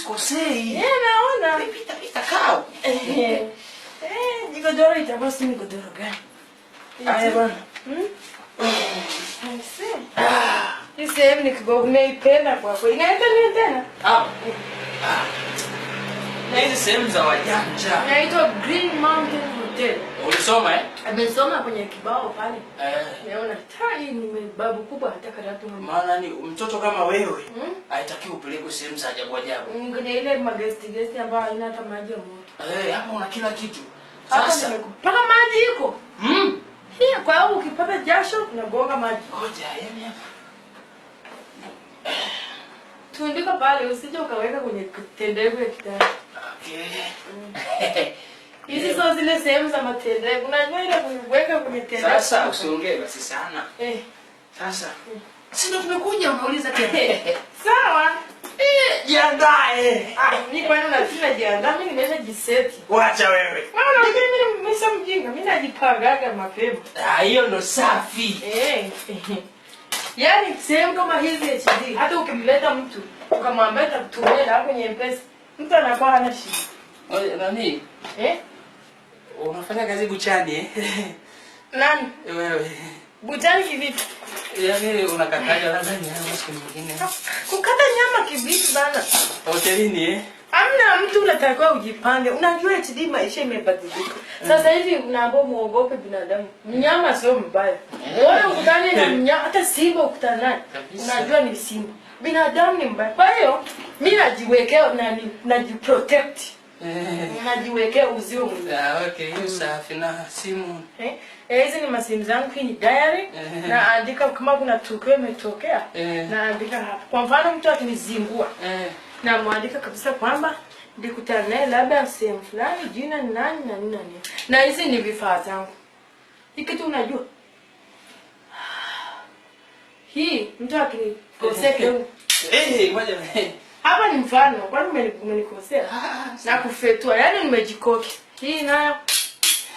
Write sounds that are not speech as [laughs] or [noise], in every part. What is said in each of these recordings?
sikosei. Eh, naona. Pita pita kao. Eh, jigodoro eh, itakuwa si migodoro gani? Aya ah, bwana. Hmm? hmm. Ah. Hii sehemu ni kigogo kwa kweli. Inaenda nini tena? Ah. Ah. ah. Na hizi sehemu za wajanja. Inaitwa Green Mountain hotel. Ulisoma eh? Amesoma kwenye kibao pale. Eh. Naona tai ni babu kubwa hataka watu mwenye. Maana ni mtoto kama wewe hmm? Haitakiwi upelekwe sehemu za ajabu ajabu. Ngine ile magesti gesti ambayo haina hata maji ya moto. Eh, hapo una kila kitu. Sasa nimekupaka maji iko. Mm. Hii kwa hiyo ukipata jasho unagonga maji. Ngoja, yani hapa. Tundika pale usije ukaweka kwenye tendego ya kitanda. Ah hizo zile sehemu za matendere. Unajua ile kuweka kwenye tendere. Sasa usiongee basi sana. Eh. Sasa. Mm. Eh. Sasa tumekuja umeuliza tena. [laughs] Sawa. Eh, jiandae. Ah, ni kwani sina jiandaa? Mimi nimesha jiseti. Wacha wewe. Mama, na mimi nimesha mjinga. Mimi najipangaga mapema. Ah, hiyo ndo safi. Eh. eh. Yaani sehemu kama hizi HD hata ukimleta mtu ukamwambia takutumia hapo kwenye M-Pesa, mtu anakuwa hana shida. Nani? Eh? Unafanya kazi Buchani eh? Nani? Wewe. Buchani kivipi? Yaani unakataja labda nyama siku nyingine. Ah, kukata nyama kivipi bana? Hotelini eh? Amna mtu unatakiwa ujipange. Unajua HD maisha imebadilika. Eh. Sasa hivi unaambiwa muogope binadamu. Mnyama sio mbaya. Eh. Wewe ukutane na eh. mnyama hata simba ukutane naye. Unajua ni simba. Binadamu ni mbaya. Kwa hiyo mimi najiwekea na najiprotect. Na, na, na, na, na, na, na, na, Unajiwekea eh. uzio mda. Ah, okay, hiyo safi na simu. Eh, eh, hizi ni masimu zangu, hii ni diary eh. na andika kama kuna tukio imetokea na andika hapo. Kwa mfano mtu akinizingua na muandika kabisa kwamba ndikutana naye labda sehemu fulani, jina ni nani na nini na nini. Na hizi ni vifaa zangu. Hii kitu unajua? [sighs] Hii mtu akinikosea kidogo. Eh, ngoja hapa ni mfano, kwani umenikosea ah, ah, ah. na kufetua, yaani nimejikoki hii nayo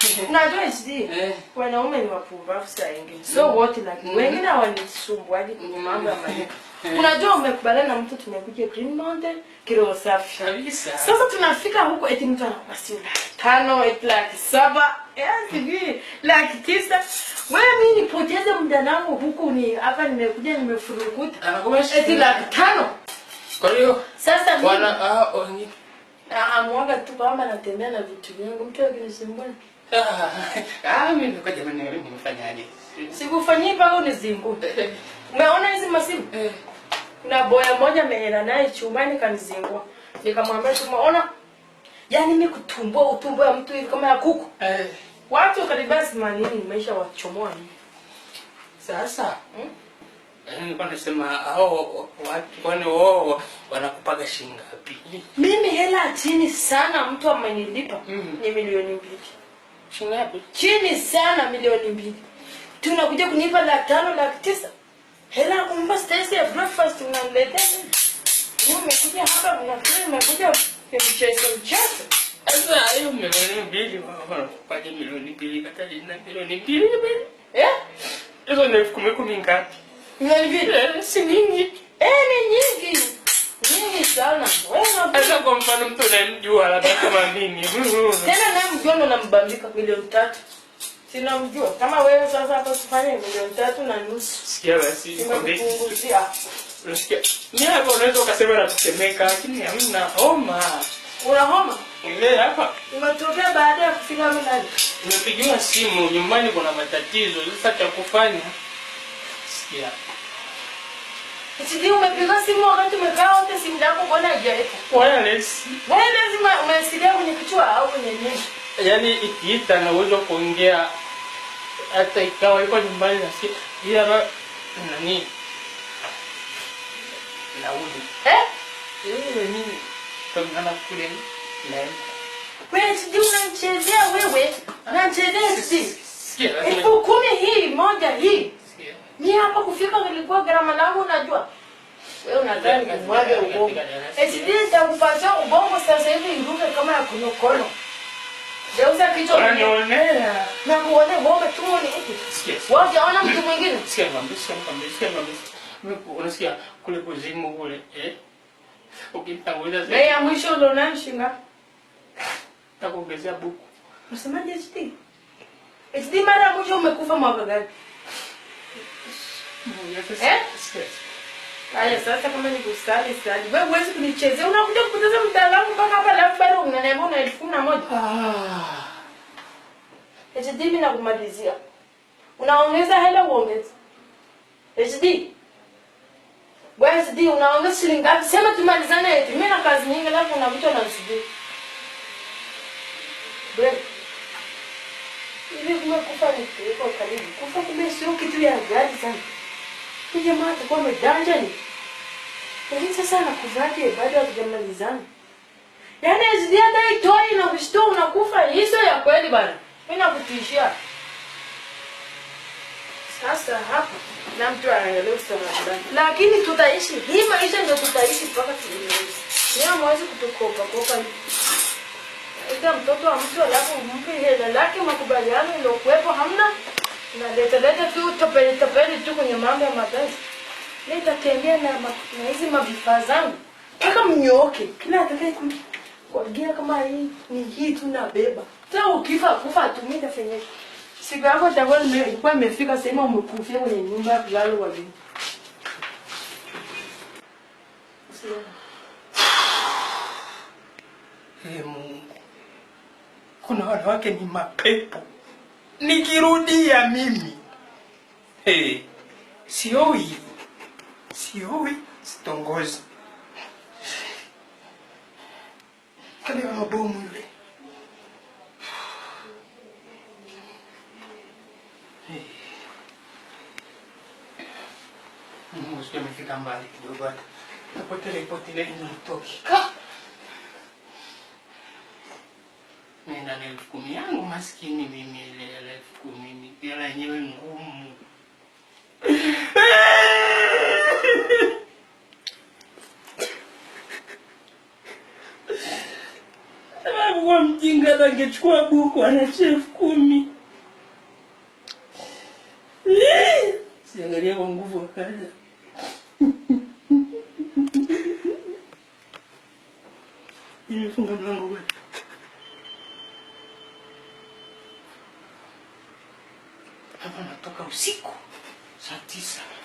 [laughs] Unajua HD, eh. wanaume ni wapumbavu saa ingine. So mm. wote lakini mm. wengine hawanisumbua hadi kwa mambo ya maneno. [laughs] Eh. Unajua umekubaliana na mtu tumekuja Green Mountain, kilo safi. Sasa tunafika huko eti mtu anapasi tano, eti laki saba, yaani laki tisa. Wewe mimi nipoteze muda wangu huku ni hapa nimekuja nimefurukuta. Eti laki tano. Kwa hiyo sasa mimi wana ah oni oh, Na amwaga tu kama natembea na vitu vyangu mtu akinisumbua. Ah [laughs] ah mimi niko jamani mimi nimefanyaje? Sikufanyia pa au nizinguke. [laughs] Umeona hizi masimu? Eh. Kuna boya moja mmenyana naye chumani kanizingua. Nikamwambia tu umeona? Yaani mimi kutumbua utumbo wa mtu hivi kama ya kuku. Eh. Watu kadibasi manini maisha wachomoa. Sasa, hmm? Nilikuwa nasema hao watu kwani wao wanakupaga shilingi ngapi? Mimi hela chini sana mtu amenilipa mm. ni mm-hmm. milioni mbili. Shilingi ngapi? Chini sana milioni mbili. Tunakuja kunipa laki tano, laki tisa. Hela kumpa stesi ya breakfast unaniletea. Wewe umekuja hapa unafikiri umekuja kumcheza mchezo. Sasa hayo milioni mbili wanakupaga milioni mbili kata ni milioni mbili. Eh? Hizo ni elfu kumi kumi ngapi? Violence nyingi. Eh, ni nyingi. Nyingi sana. Wewe hata kwa mfano mtu unamjua labda kama mimi. Tena namjua ndo nambambika milioni tatu. Sinamjua. Kama wewe sasa hapa tufanye milioni tatu na nusu. Sikia basi. Nimekupunguzia. Unasikia? Mimi hapa unaweza ukasema natukemeka lakini hamna homa. Una homa? Ile hapa. Imetokea baada ya kufika mimi nani? Nimepigiwa simu nyumbani kuna matatizo. Sasa cha kufanya Yeah. Sijui umepiga simu wakati umekaa wote simu yako mbona haijaweka? Wireless. Wireless umesikia kwenye kichwa au kwenye nini? Yaani ikiita na uwezo kuongea hata ikawa iko nyumbani na si ila na nani? Nauli. Eh? Yeye mimi tongana kule na wewe sijui unamchezea wewe. Unamchezea sisi. Sikia. Elfu kumi hii moja hii. Mi hapa kufika nilikuwa gharama langu unajua. Wewe unadhani mwage ubongo. Eh, SD itakupata ubongo sasa hivi iruke kama ya kunyokono. Deuza kichwa. Unanionea. Na kuone ngombe tu ni huku. Sikia. Waje mtu mwingine. Sikia ngombe, sikia ngombe, sikia Mimi Unasikia kule kuzimu kule eh? Ukitanguliza sasa. Bei ya mwisho ndo namshinga. Takuongezea buku. Unasemaje HD? HD mara mwisho umekufa mwaka gani? Eh? Haya sasa, kama ni kusali sali, wewe huwezi kunichezea, unakuja kupoteza muda wangu mpaka hapa, alafu bado unaniambia una elfu kumi na moja ah. HD, mimi nakumalizia, unaongeza hela uongeze. HD bwana, HD unaongeza shilingi ngapi? Sema tumalizane, eti mimi na kazi nyingi, alafu una mtu anasubiri bwana hivi. Kumekufa ni kufa karibu kufa, kumbe sio kitu ya gari sana. Huyu jamaa atakuwa amedanja ni. Lakini sasa anakuvaje bado hatujamalizana? Yaani azidia dai toi na kushtua unakufa hizo ya kweli bana. Mimi nakutishia. Sasa hapa na mtu anaelewa sana ndani. Lakini tutaishi. Hii maisha ndio tutaishi mpaka tunimalize. Yeye hawezi kutukopa kopa. Ita mtoto wa mtu alafu mpe hela lake makubaliano ndio kuwepo hamna leta tu tapeli tapeli tu kwenye mambo ya mapenzi. Leo nitatembea na na hizi mavifaa zangu Paka mnyoke. Kila atakaye kuagia kama hii ni hii tu na beba. Sasa ukifa kufa tumii tafanye. Siku yako itakuwa ilikuwa imefika sema umekufia kwenye nyumba ya kulala wageni. [sighs] Eh, hey, Mungu. Kuna wanawake ni mapepo nikirudia mimi hey, sioi sioi sitongozi kaliwa mabomu yule Mungu sijamefika mbali kidogo hata. Napotele ipotele inatoki. Kaa! nenda na elfu kumi yangu maskini mimi, ile elfu kumi hela yenyewe ngumu kwa mjinga angechukua buku anacha elfu kumi siangalia kwa nguvu wakaza imefunga mlango usiku saa tisa